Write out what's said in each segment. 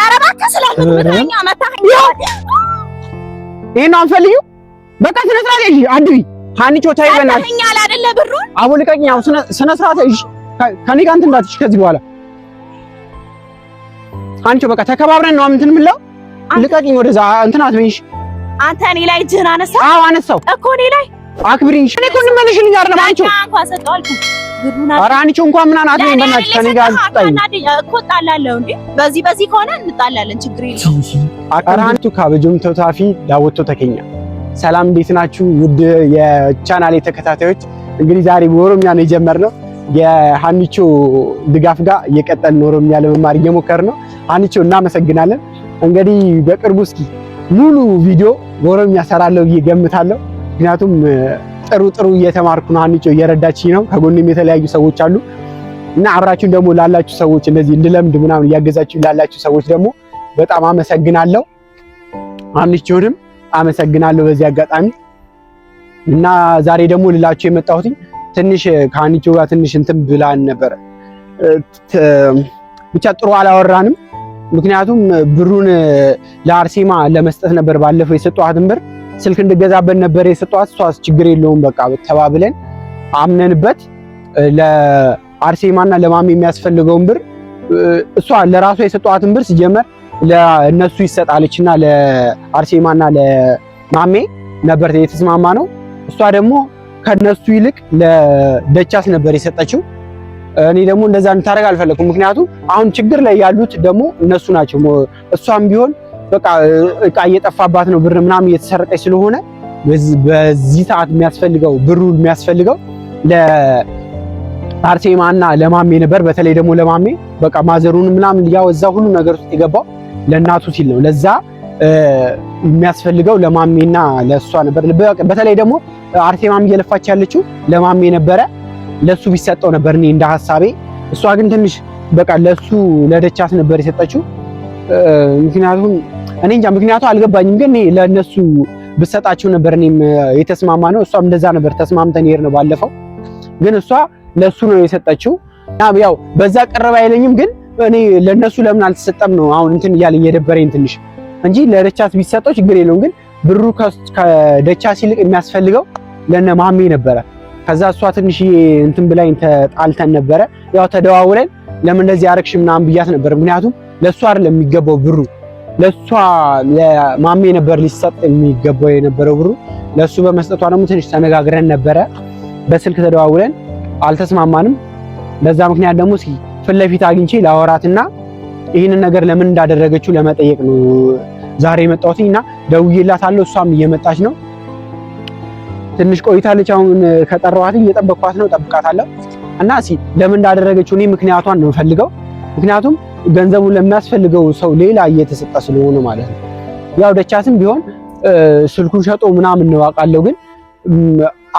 ኧረ እባክህ ስለምን ምድረኛ መታኸኝ። ይሄን በቃ ስነ ስርዓት ይዤ አዱይ ሀኒቾ ተይ አቡ ልቀቂኝ። አሁን ስነ ስርዓት ይዤ ከእኔ ጋር እንትን እንዳትሽ ከዚህ በኋላ ሀኒቾ በቃ ተከባብረን ነው እንትን የምለው። ልቀቂኝ ወደዛ እንትን አትበይሽ። አንተ እኔ ላይ እጅህን አነሳው? አዎ አነሳው እኮ እኔ ላይ አክብሪኝ። እኔ እኮ እንመለሽልኝ አይደለም አንቺ ኧረ አንቺ እንኳን ምን አናት ነው በእናትሽ ከኔ ጋር እኮ እጣላለሁ እንዴ? በዚህ በዚህ ከሆነ እንጣላለን፣ ችግር የለውም። አራንቱ ካብጆም ተታፊ ዳወቶ ተከኛ ሰላም፣ እንዴት ናችሁ? ውድ የቻናሌ ተከታታዮች፣ እንግዲህ ዛሬ በኦሮምኛ ነው የጀመርነው። የሀኒቾ ድጋፍ ጋር እየቀጠልን ኦሮምኛ ለመማር እየሞከርን ነው። ሀኒቾ እናመሰግናለን። እንግዲህ በቅርቡ እስኪ ሙሉ ቪዲዮ በኦሮምኛ ሰራለሁ ብዬ ገምታለሁ። ምክንያቱም ጥሩ ጥሩ እየተማርኩ ነው። ሀኒቾ እየረዳች ነው። ከጎንም የተለያዩ ሰዎች አሉ እና አብራችሁን ደግሞ ላላችሁ ሰዎች እንደዚህ እንድለምድ ምናምን እያገዛችሁ ላላችሁ ሰዎች ደግሞ በጣም አመሰግናለሁ። አንቺውንም አመሰግናለሁ በዚህ አጋጣሚ እና ዛሬ ደግሞ ልላችሁ የመጣሁት ትንሽ ከሀኒቾ ጋር ትንሽ እንትን ብላን ነበረ። ብቻ ጥሩ አላወራንም። ምክንያቱም ብሩን ለአርሴማ ለመስጠት ነበር ባለፈው የሰጠኋትን ብር ስልክ እንድገዛበት ነበር የሰጧት። እሷስ ችግር የለውም በቃ ተባብለን አምነንበት ለአርሴማና ለማሚ የሚያስፈልገውን ብር እሷ ለራሷ የሰጧትን ብር ሲጀመር ለእነሱ ይሰጣለችና ለአርሴማና ለማሜ ነበር የተስማማ ነው። እሷ ደግሞ ከነሱ ይልቅ ለደቻስ ነበር የሰጠችው። እኔ ደግሞ እንደዛ እንድታደርግ አልፈለኩም። ምክንያቱም አሁን ችግር ላይ ያሉት ደግሞ እነሱ ናቸው። እሷም ቢሆን በቃ እቃ እየጠፋባት ነው ብር ምናምን እየተሰረቀች ስለሆነ በዚህ ሰዓት የሚያስፈልገው ብሩ የሚያስፈልገው ለአርሴማና ለማሜ ነበር። በተለይ ደግሞ ለማሜ በቃ ማዘሩን ምናምን ያው እዛ ሁሉ ነገር ውስጥ የገባው ለእናቱ ሲል ነው። ለዛ የሚያስፈልገው ለማሜና ለእሷ ነበር። በተለይ ደግሞ አርሴማም እየለፋች ያለችው ለማሜ ነበረ። ለሱ ቢሰጠው ነበር እኔ እንደ ሀሳቤ። እሷ ግን ትንሽ በቃ ለሱ ለደቻስ ነበር የሰጠችው ምክንያቱም እኔ እንጃ ምክንያቱ አልገባኝም፣ ግን ለእነሱ ብሰጣቸው ነበር እኔም የተስማማ ነው። እሷም እንደዛ ነበር ተስማምተን ይሄድ ነው ባለፈው፣ ግን እሷ ለሱ ነው የሰጠችው። ያው በዛ ቅርብ አይለኝም፣ ግን እኔ ለነሱ ለምን አልተሰጠም ነው አሁን እንትን እያለ የደበረኝ ትንሽ እንጂ ለደቻስ ቢሰጠው ችግር የለውም። ግን ብሩ ከደቻስ ይልቅ የሚያስፈልገው ለነ ማሜ ነበረ። ከዛ እሷ ትንሽ እንትን ብላኝ ተጣልተን ነበረ። ያው ተደዋውለን ለምን እንደዚህ አረግሽ ምናምን ብያት ነበር። ምክንያቱም ለእሱ አይደለም የሚገባው ብሩ ለእሷ ለማሜ ነበር ሊሰጥ የሚገባው የነበረው ብሩ። ለእሱ በመስጠቷ ደግሞ ትንሽ ተነጋግረን ነበረ፣ በስልክ ተደዋውለን አልተስማማንም። በዛ ምክንያት ደግሞ እስኪ ፊት ለፊት አግኝቼ ላወራትና ይህንን ነገር ለምን እንዳደረገችው ለመጠየቅ ነው ዛሬ የመጣሁትኝ እና ደውዬላታለሁ። እሷም እየመጣች ነው። ትንሽ ቆይታለች። አሁን ከጠራኋትኝ እየጠበኳት ነው። ጠብቃታለሁ እና እስኪ ለምን እንዳደረገችው እኔ ምክንያቷን ነው የምፈልገው ምክንያቱም ገንዘቡ ለሚያስፈልገው ሰው ሌላ እየተሰጠ ስለሆነ ማለት ነው። ያው ደቻትም ቢሆን ስልኩን ሸጦ ምናምን ነው አውቃለሁ፣ ግን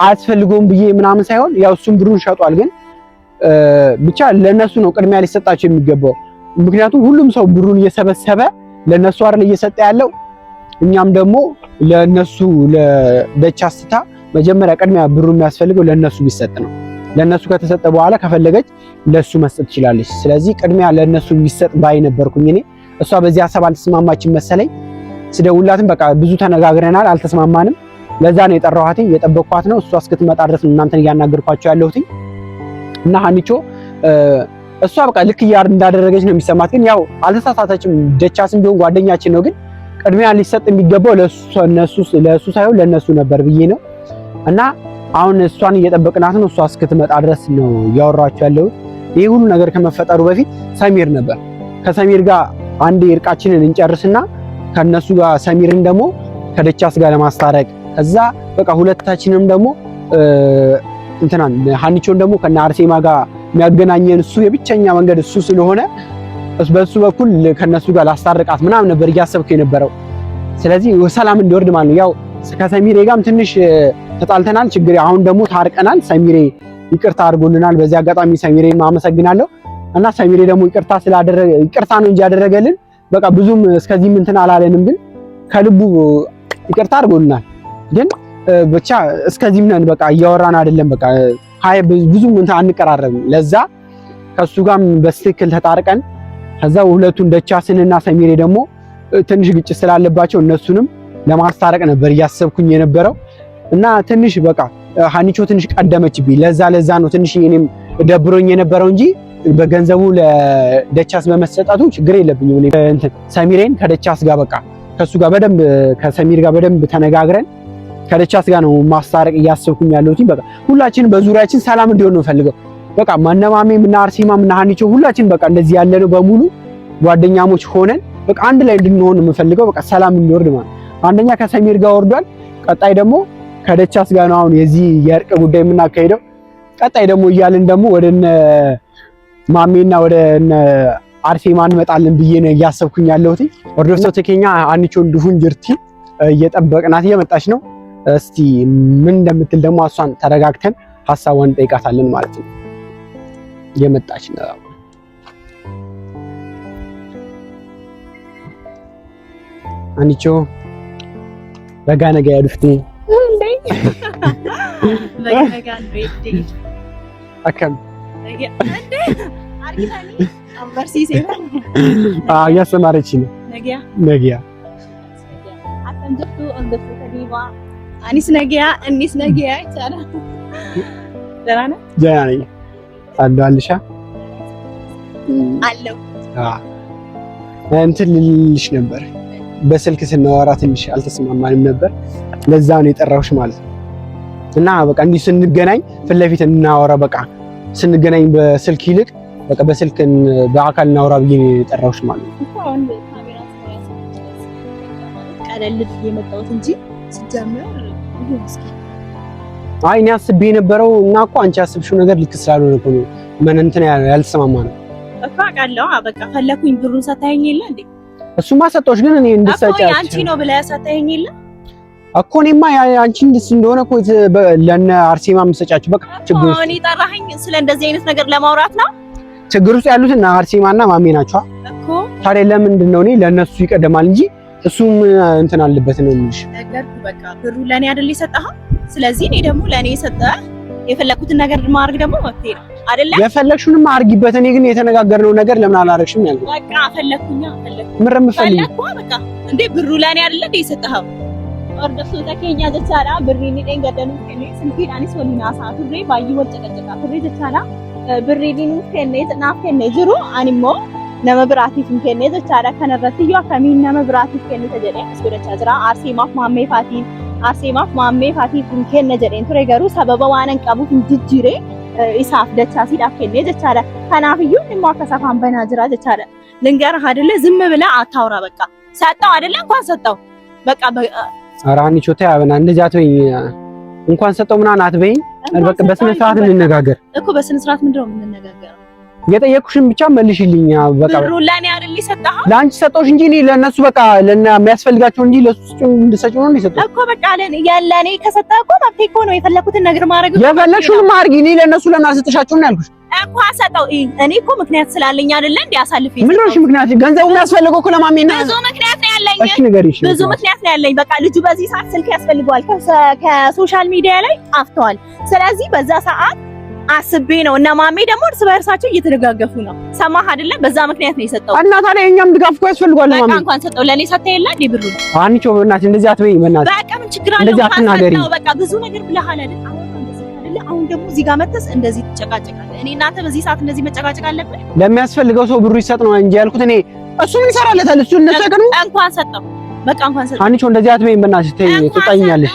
አያስፈልገውም ብዬ ምናምን ሳይሆን ያው እሱም ብሩን ሸጧል፣ ግን ብቻ ለነሱ ነው ቅድሚያ ሊሰጣቸው የሚገባው። ምክንያቱም ሁሉም ሰው ብሩን እየሰበሰበ ለነሱ አይደል እየሰጠ ያለው። እኛም ደግሞ ለነሱ ለደቻ ስታ መጀመሪያ ቅድሚያ ብሩ የሚያስፈልገው ለነሱ ቢሰጥ ነው። ለእነሱ ከተሰጠ በኋላ ከፈለገች ለሱ መስጠት ትችላለች። ስለዚህ ቅድሚያ ለእነሱ ቢሰጥ ባይ ነበርኩኝ እኔ። እሷ በዚህ ሀሳብ አልተስማማችም መሰለኝ። ስደውላትም በቃ ብዙ ተነጋግረናል፣ አልተስማማንም። ለዛ ነው የጠራኋትኝ፣ የጠበቅኳት ነው። እሷ እስክትመጣ ድረስ እናንተን እያናገርኳቸው ያለሁትኝ እና ሀኒቾ እሷ በቃ ልክ እያር እንዳደረገች ነው የሚሰማት። ግን ያው አልተሳሳተችም። ደቻስም ቢሆን ጓደኛችን ነው። ግን ቅድሚያ ሊሰጥ የሚገባው ለእሱ ሳይሆን ለእነሱ ነበር ብዬ ነው እና አሁን እሷን እየጠበቅናት ነው። እሷ እስክትመጣ ድረስ ነው እያወራችሁ ያለው። ይህ ሁሉ ነገር ከመፈጠሩ በፊት ሰሚር ነበር። ከሰሚር ጋር አንድ እርቃችንን እንጨርስና ከነሱ ጋር ሰሚርን ደግሞ ከደቻስ ጋር ለማስታረቅ ከዛ በቃ ሁለታችንም ደግሞ እንትናን ሀኒቾን ደግሞ ከነ አርሴማ ጋር የሚያገናኘን እሱ የብቸኛ መንገድ እሱ ስለሆነ በሱ በኩል ከነሱ ጋር ላስታርቃት ምናምን ነበር እያሰብኩ የነበረው። ስለዚህ ሰላም እንዲወርድ ማለት ነው። ያው ከሰሚሬ ጋርም ትንሽ ተጣልተናል፣ ችግር አሁን ደግሞ ታርቀናል። ሰሚሬ ይቅርታ አድርጎልናል። በዚህ አጋጣሚ ሰሚሬ አመሰግናለሁ እና ሰሚሬ ደግሞ ይቅርታ ስላደረገ ይቅርታ ነው እንጂ ያደረገልን በቃ ብዙም እስከዚህም እንትን አላለንም፣ ግን ከልቡ ይቅርታ አድርጎልናል። ግን ብቻ እስከዚህም ነን በቃ እያወራን አይደለም በቃ ሀይ ብዙም እንትን አንቀራረብም። ለዛ ከሱ ጋርም በስትክክል ተጣርቀን ከዛ ሁለቱን ደቻስንና ሰሚሬ ደግሞ ትንሽ ግጭት ስላለባቸው እነሱንም ለማስታረቅ ነበር እያሰብኩኝ የነበረው። እና ትንሽ በቃ ሀኒቾ ትንሽ ቀደመችብኝ። ለዛ ለዛ ነው ትንሽ እኔም ደብሮኝ የነበረው እንጂ በገንዘቡ ለደቻስ በመሰጠቱ ችግር የለብኝም። ሰሚሬን ከደቻስ ጋር በቃ ከሱ ጋር በደንብ ከሰሚር ጋር በደንብ ተነጋግረን ከደቻስ ጋር ነው ማስታረቅ እያሰብኩኝ ያለሁት። በቃ ሁላችን በዙሪያችን ሰላም እንዲሆን ነው ፈልገው በቃ ማነማሜም እና አርሴማም እና ሀኒቾ ሁላችን በቃ እንደዚህ ነው በሙሉ ጓደኛሞች ሆነን በቃ አንድ ላይ እንድንሆን የምፈልገው በቃ ሰላም እንዲወርድ ማለት አንደኛ ከሰሚር ጋር ወርዷል። ቀጣይ ደግሞ ከደቻስ ጋር ነው አሁን የዚህ የእርቅ ጉዳይ የምናካሄደው። ቀጣይ ደግሞ እያልን ደግሞ ወደ እነ ማሜና ወደ እነ አርሴማ እንመጣለን ብዬ ነው እያሰብኩኝ ያለሁት። ኦርዶሶ ቴኬኛ አንቾን ድሁን ጅርቲ እየጠበቅናት እየመጣች ነው። እስቲ ምን እንደምትል ደግሞ እሷን ተረጋግተን ሀሳቧን እንጠይቃታለን ማለት ነው። እየመጣች ነው። አንቾ ረጋ ነገ እያስተማረች ነው። ነጊያ አኒስ ነጊያ እኒስ ነጊያ ይቻላል። ደህና ነህ? ደህና ነኝ። አለሁ አለሁ እንትን ልልሽ ነበር በስልክ ስናወራ ትንሽ አልተስማማንም ነበር። ለዛ ነው የጠራሁሽ ማለት ነው። እና በቃ እንዲህ ስንገናኝ ፊት ለፊት እናወራ፣ በቃ ስንገናኝ በስልክ ይልቅ በቃ በስልክ በአካል እናወራ ብዬ ነው የጠራሁሽ ማለት ነው። ቀለል ብዬ መጣሁት እንጂ ሲጀምር አይ እኔ አስቤ የነበረው እና እኮ አንቺ አስብሽው ነገር ልክ ስላልሆነ እኮ ነው። ምን እንትን ያልተሰማማ ነው እኮ አውቃለሁ። በቃ ፈለኩኝ ብሩን ሰታየኝ የለ እንዴ እሱማ ሰጠሁሽ፣ ግን እኔ እንድትሰጪ አንቺ ነው ብለህ ያሳታኝ የለ እኮ እኔማ አንቺ እንድስ እንደሆነ እኮ ለእነ አርሴማ የምትሰጫቸው በቃ ችግር ውስጥ እኔ ጠራኸኝ ስለ እንደዚህ አይነት ነገር ለማውራት ነው። ችግር ውስጥ ያሉት እና አርሴማና ማሜ ናቸው እኮ። ታዲያ ለምንድን ነው እኔ ለእነሱ ይቀደማል እንጂ እሱም እንትን አለበት ነው የሚልሽ ነገር። በቃ ብሩ ለእኔ አይደል የሰጠኸው? ስለዚህ እኔ ደግሞ ለእኔ የሰጠህ የፈለኩትን ነገር ማድረግ ደግሞ መብቴ ነው አይደለ? የፈለግሽውንም አድርጊበት። እኔ ግን የተነጋገርነው ነገር ለምን አላረግሽም ያልኩት። በቃ ፈለኩኛ ፈለኩ። ምን ረምፈልኝ በቃ እንዴ ብሩ ለኔ አይደለ እንዴ የሰጠኸው? ኦርደፍሶታ ተከኛ ዘቻላ ብሪ ኒ ገደኑ ከኔ ስንቲ አንስ ወሊና ሳቱ ሬ ባይ ወል ጨቀጨቃ ፍሬ ጀቻላ ብሪ ዲኑ ከኔ ጥናፍ ከኔ ዝሩ አኒሞ ነመ ብራቲፍን ከኔ ዘቻላ ከነረትዩ አከሚን ነመ ብራቲፍ ከኔ ተጀደ ስኩደቻ ዝራ አርሲ ማፍ ማሜ ፋቲን Aseemaaf maammee Faatii kun kenna jedheen ture garuu sababa waan hin qabuuf hin jijjiiree isaaf dachaasiidhaaf kennee jechaadha. Kanaafiyyuu dhimma akka safaan banaa jira jechaadha. ልንገርህ አይደለ ዝም ብለህ አታውራ። በቃ ሰጠው አይደለ እንኳን ሰጠው በቃ ኧረ ሀኒቾ ተይ አበና እንደዚያ አትበይኝ። እንኳን ሰጠው ምናምን አትበይኝ። በቃ በስነ ስርዓት እንነጋገር እኮ በስነ ስርዓት ምንድን ነው የምንነጋገረው? የጠየኩሽን ብቻ መልሽልኝ። በቃ ብሩ ለኔ አይደል ይሰጣህ? ለአንቺ ሰጠሁሽ እንጂ እኔ ለነሱ በቃ ለና የሚያስፈልጋቸው እንጂ ለሱ እንድሰጪ ነው እንዲሰጠው እኮ በቃ ለኔ ያለኔ ከሰጠህ እኮ መብቴ እኮ ነው። የፈለኩትን ነገር ማድረግ የፈለግሽውን ማድረግ። እኔ ለነሱ ለና አልሰጠሻቸውም ነው ያልኩሽ እኮ አሰጠው። እኔ እኮ ምክንያት ስላለኝ አይደለ እንዴ አሳልፊ። ምን ነው ምክንያት ገንዘቡ የሚያስፈልገው እኮ ለማሜ ብዙ ምክንያት ነው ያለኝ። እሺ፣ ነገር እሺ፣ ብዙ ምክንያት ነው ያለኝ። በቃ ልጁ በዚህ ሰዓት ስልክ ያስፈልገዋል። ከሶሻል ሚዲያ ላይ አፍተዋል። ስለዚህ በዛ ሰዓት አስቤ ነው። እና ማሜ ደግሞ እርስ በእርሳቸው እየተደጋገፉ ነው። ሰማህ አይደለ? በዛ ምክንያት ነው የሰጠው። እና ላይ እኛም ድጋፍ እኮ ያስፈልጓል። ማሜ በቃ እንኳን ሰጠው ለኔ ሰጠ የለ እንዴ ብሩ አንቺ ወብናት እንደዚህ አትበይ። መናት በቃ ምን ችግር አለው? እንደዚህ አትናገሪ። በቃ ብዙ ነገር ብለሃል አይደል? አሁን ደግሞ እዚህ ጋር መተስ እንደዚህ ትጨቃጨቃለህ። እኔ እናተ በዚህ ሰዓት እንደዚህ መጨቃጨቅ አለብን? ለሚያስፈልገው ሰው ብሩ ይሰጥ ነው እንጂ ያልኩት እኔ እሱ ምን ይሰራለታል? እሱ እነሰቀኑ እንኳን ሰጠው። በቃ እንኳን ሰጠው። አንቺ እንደዚህ አትበይ። መናት ትጠይኛለሽ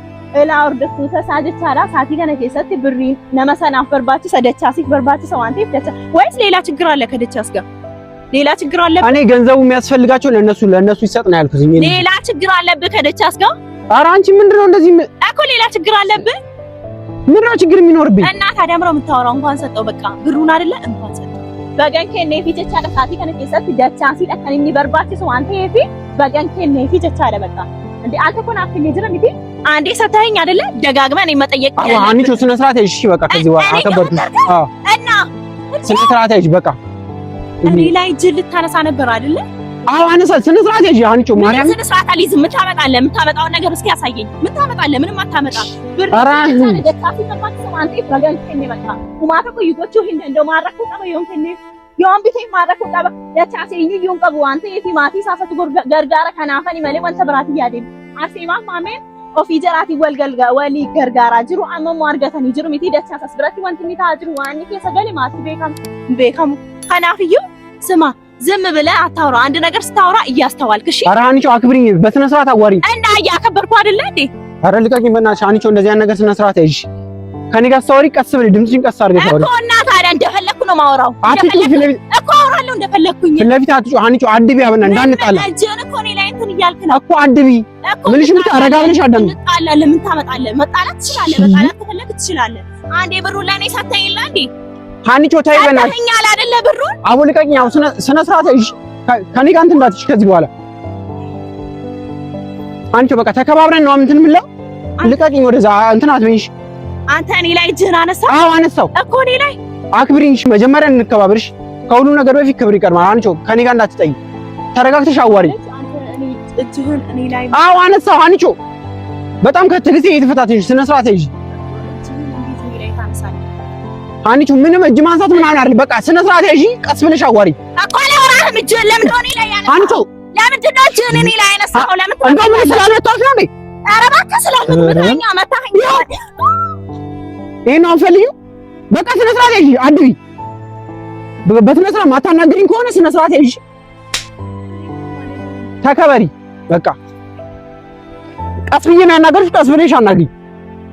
elaa hordoftoota isaa jechaadha. Saatii kana keessatti birrii nama sanaaf barbaachisa dachaasiif barbaachisa waan ta'eef dacha wayis ሌላ ችግር አለ ከደቻስ ጋር ሌላ ችግር አለ። እኔ ገንዘቡ የሚያስፈልጋቸው ለነሱ ለነሱ ይሰጥ ነው ያልኩት። ሌላ ችግር አለብህ ከደቻስ ጋር? ኧረ አንቺ ምንድን ነው እንደዚህ እኮ ሌላ ችግር አለብህ። ምንድን ነው ችግር የሚኖርብኝ? እና ታዲያ ምነው የምታወራው? እንኳን ሰጠው በቃ ብሩን አይደለ እንኳን ሰጠው bagan kenneefi jechaadha saatii kana keessatti dachaasiidha kan inni barbaachisu waan ta'eef bagan kenneefi jechaadha beqa. Ante kun akkuma jira miti አንዴ ሰተኸኝ አይደለ? ደጋግመህ እኔ መጠየቅ አንቺ ስነ ስርዓት እሺ፣ በቃ ከዚህ በኋላ አከበርኩ። አዎ፣ እና ስነ ስርዓት እሺ፣ በቃ እኔ ላይ እጅ ልታነሳ ነበር አይደለ? አዎ፣ አነሳ። ስነ ስርዓት እሺ። አንቺ ማርያም፣ ስነ ስርዓት አልይዝም። ምን ታመጣለህ? የምታመጣውን ነገር እስኪ ያሳየኝ። ምን ታመጣለህ? ምንም አታመጣ። ብር yoon bitee maarraku qaba dachaa seenyu iyyuu hin qabu waan ta'eef maatii isaafatu gargaara kanaafan malee ወንተ ብራት ያዴ አሴማ maameen ofii jalaatii wal walii gargaaraa jiru. Ammammoo argatanii jiru miti. Dachaan as biratti wanti ni ta'aa jiru. Waan inni keessa gale maatti beekamu ስማ ዝም ብለህ አታውራ። አንድ ነገር ስታውራ እያስተዋልክ እሺ። ኧረ አንቺ አክብሪኝ፣ በስነ ስርዓት አዋሪኝ እና እያከበርኩ አይደለ እንዴ? ኧረ ልቀቂኝ በእናትሽ አንቺ። እንደዚህ ነገር ስነ ስርዓት እሺ። ከኔ ጋር ስታወሪ ቀስ ብለሽ ድምፅሽን ቀስ አድርገሽ አውሪ እኮ። እና ታዲያ እንደፈለኩ ነው ማውራው እኮ አውራለሁ እንደፈለኩኝ። ፊት ለፊት አትጩ አንቺ፣ አድቢያ በእናትሽ እንዳንጣላ እኮ እኔ እንትን እያልክ ነው እኮ አድቢ ምንሽ ምት አረጋ ምንሽ አዳም እንጣላለን። ምን ታመጣለህ? መጣላት ትችላለህ። መጣላት ከፈለክ ትችላለህ። አንዴ ብሩን ለኔ ሰተኝ ይላ እንዴ ሀኒቾ ታይ በእናትሽ ሰተኛል አይደለ? ብሩ አሁን ልቀቂኝ። አሁን ስነ ስርዓት እሺ፣ ከኔ ጋር እንትን እንዳትሽ ከዚህ በኋላ አንቺ በቃ ተከባብረን ነው እንትን የምለው። ልቀቂኝ፣ ወደዛ እንትን አትበይሽ። አንተ እኔ ላይ እጅህን አነሳው? አዎ አነሳው እኮ እኔ ላይ። አክብሪሽ፣ መጀመሪያ እንከባብርሽ። ከሁሉ ነገር በፊት ክብር ይቀድማል። አንቺ ከኔ ጋር እንዳትጠይ፣ ተረጋግተሽ አዋሪ እጅህን እኔ ላይ አዎ፣ አነሳሁ። አንቺ በጣም ከት ጊዜ እየተፈታተሽ ስነ ስርዓት ይዤ አንቺ ምንም እጅ ማንሳት ምናምን አይደል። በቃ ስነ ስርዓት ይዤ ቀስ ብለሽ አዋሪ እኮ በቃ ስነ ስርዓት ይዤ አድሪ። በስነ ስርዓት ማታናገሪኝ ከሆነ ስነ ስርዓት ይዤ ተከበሪ። በቃ ቀስ ብዬ ነው ያናገርሽ። ቀስ ብለሽ አናግሪኝ።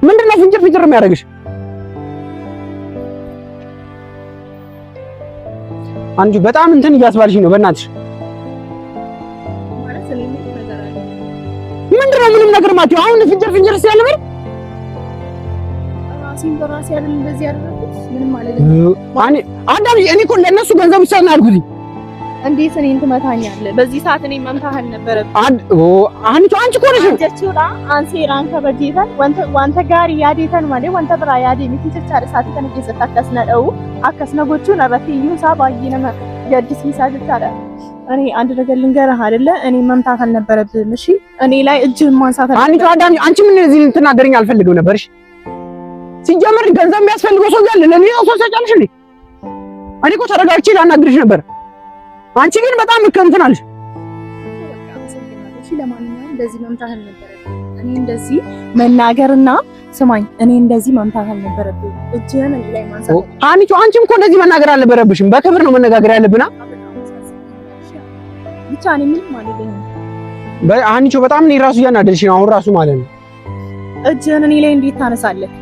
ምንድነው ፍንጭር ፍንጭር የሚያደርግሽ? አንቺ በጣም እንትን እያስባልሽኝ ነው። በእናትሽ ምንድነው ምንም ነገር ማትይው? አሁን ፍንጭር ፍንጭር ሲያልበር እኔ እኮ ለእነሱ ገንዘብ ይሰጥና ያልኩት እንዴት እኔን ትመታኛለህ? በዚህ ሰዓት እኔን መምታህ አልነበረብህ። አንድ ኦ አንቺ አንቺ እኮ ነሽ ጀቹላ አንሴ ራንከ በጌታን ወንተ ወንተ ጋር ያዴተን ማለ ወንተ ብራ ያዴ ምትን ቸቻር ሰዓት ከነ ጀሰት አከስነ ደው አከስነ ጎቹን አበትዩ ሳባይ ነመ ያዲስ ሚሳጅ ታራ እኔ አንድ ነገር ልንገርህ አይደለ? እኔ መምታት አልነበረብህም። እሺ እኔ ላይ እጅህን ማንሳት አንቺ አዳም አንቺ ምን እዚህ ልትናገረኝ አልፈልግም ነበር። እሺ ሲጀመር ገንዘብ የሚያስፈልገው ሰው ያለ ለኔ ሰው ሰጫለሽ እንዴ? እኔ እኮ ተረጋግቼ ላናግርሽ ነበር። አንቺ ግን በጣም እንትን አለሽ። ለማንኛውም እንደዚህ መምታት አልነበረብኝ። እኔ እንደዚህ መናገርና ስማኝ፣ እኔ እንደዚህ መምታት አልነበረብኝ። እጅህን ላይ ማንሳት ሀኒቾ፣ አንቺም እኮ እንደዚህ መናገር አልነበረብሽም። በክብር ነው መነጋገር ያለብና ብቻ እኔ ምንም አልልኝም። በጣም እኔ ራሱ እያናደድሽ ነው አሁን ራሱ ማለት ነው። እጅህን እኔ ላይ እንዴት ታነሳለህ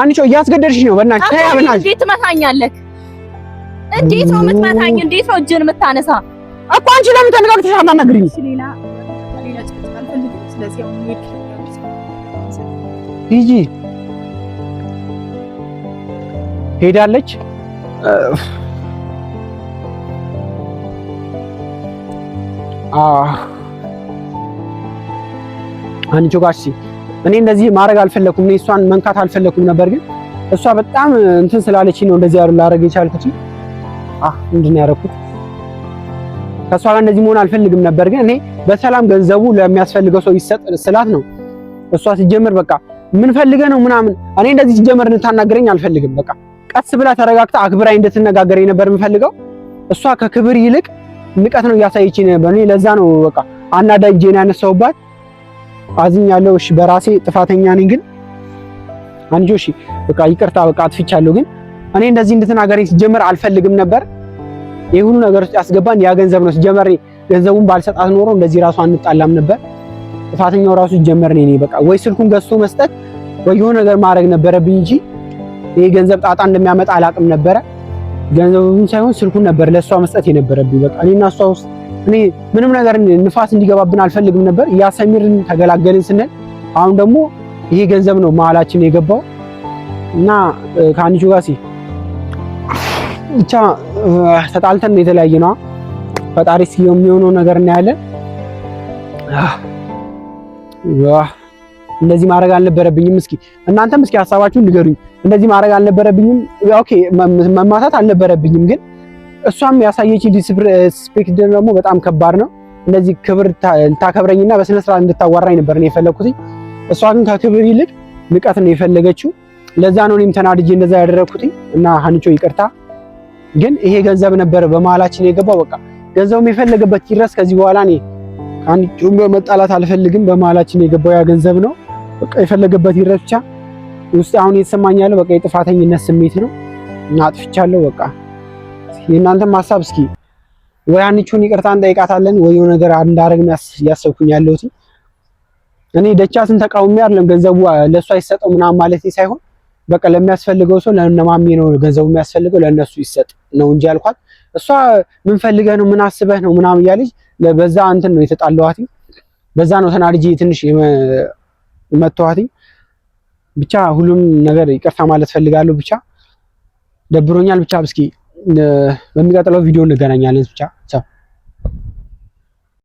ሀኒቾ? እያስገደድሽ ነው። በእናትሽ ተይ፣ በእናትሽ እንዴት ትመታኛለህ? እንዴት ነው የምትመታኝ? እንዴት ነው እጅን የምታነሳ እኮ አንቺ ለምን ሂጂ ሄዳለች። አንቺ ጋሽ እኔ እንደዚህ ማድረግ አልፈለኩም። እኔ እሷን መንካት አልፈለኩም ነበር፣ ግን እሷ በጣም እንትን ስላለች ነው እንደዚህ ያሉ ላደርግ የቻልኩት። ምንድን ነው ያደረኩት? ከእሷ ጋር እንደዚህ መሆን አልፈልግም ነበር፣ ግን እኔ በሰላም ገንዘቡ ለሚያስፈልገው ሰው ይሰጥ ስላት ነው። እሷ ሲጀምር በቃ ምን ፈልገህ ነው ምናምን፣ እኔ እንደዚህ ሲጀምር እንታናገረኝ አልፈልግም። በቃ ቀስ ብላ ተረጋግታ አክብራኝ እንድትነጋገር ነበር የምፈልገው። እሷ ከክብር ይልቅ ንቀት ነው እያሳየች ነበር። እኔ ለዛ ነው በቃ አናዳጄን ያነሳውባት። አዝኛለሁ። እሺ በራሴ ጥፋተኛ ነኝ፣ ግን አንጆ እሺ በቃ ይቅርታ፣ በቃ አጥፍቻለሁ ግን እኔ እንደዚህ እንድትናገር ሲጀመር አልፈልግም ነበር። የሁሉ ነገር ውስጥ ያስገባን ያ ገንዘብ ነው። ሲጀመር ገንዘቡን ባልሰጣት ኖሮ እንደዚህ ራሱ አንጣላም ነበር። ጥፋተኛው ራሱ ሲጀመር እኔ ነኝ። በቃ ወይ ስልኩን ገዝቶ መስጠት ወይ የሆነ ነገር ማድረግ ነበረብኝ እንጂ ይሄ ገንዘብ ጣጣ እንደሚያመጣ አላቅም ነበረ። ገንዘቡን ሳይሆን ስልኩን ነበር ለእሷ መስጠት የነበረብኝ። በቃ እኔና እሷ ውስጥ እኔ ምንም ነገር ንፋስ እንዲገባብን አልፈልግም ነበር። ያ ሰሚርን ተገላገልን ስንል አሁን ደግሞ ይሄ ገንዘብ ነው መሀላችን የገባው እና ከአንቺ ጋር ብቻ ተጣልተን የተለያየ ነዋ። ፈጣሪ የሚሆነው ነገር እናያለን። እንደዚህ ማድረግ አልነበረብኝም። እስኪ እናንተም እስኪ ሀሳባችሁን ንገሩኝ። እንደዚህ ማድረግ አልነበረብኝም፣ ኦኬ መማታት አልነበረብኝም። ግን እሷም ያሳየች ሪስፔክት ደግሞ በጣም ከባድ ነው። እንደዚህ ክብር ልታከብረኝና በስነ ስርዓት እንድታዋራኝ ነበር ነው የፈለኩት። እሷ ግን ከክብር ይልቅ ንቀት ነው የፈለገችው። ለዛ ነው እኔም ተናድጄ እንደዛ ያደረኩት እና ሀንቾ ይቅርታ ግን ይሄ ገንዘብ ነበር በመሀላችን የገባው። በቃ ገንዘቡ የፈለገበት ይድረስ። ከዚህ በኋላ እኔ አንጩም መጣላት አልፈልግም። በመሀላችን የገባው ያ ገንዘብ ነው። በቃ የፈለገበት ይድረስ። ብቻ ውስጥ አሁን የተሰማኝ ያለው በቃ የጥፋተኝነት ስሜት ነው እና አጥፍቻለሁ። በቃ የእናንተም ሀሳብ እስኪ ወይ አንቺውን ይቅርታ እንጠይቃታለን ወይ የሆነ ነገር እንዳደረግ ያሰብኩኝ ያለሁት እኔ ደቻስን ተቃውሜ አይደለም ገንዘቡ ለእሱ አይሰጠው ምናምን ማለቴ ሳይሆን በቃ ለሚያስፈልገው ሰው ለነማሚ ነው ገንዘቡ የሚያስፈልገው ለእነሱ ይሰጥ ነው እንጂ ያልኳት እሷ ምን ፈልገህ ነው ምን አስበህ ነው ምናምን እያለች በዛ እንትን ነው የተጣለዋት። በዛ ነው ተናድጂ ትንሽ መተዋት። ብቻ ሁሉም ነገር ይቅርታ ማለት ፈልጋለሁ። ብቻ ደብሮኛል። ብቻ እስኪ በሚቀጥለው ቪዲዮ እንገናኛለን ብቻ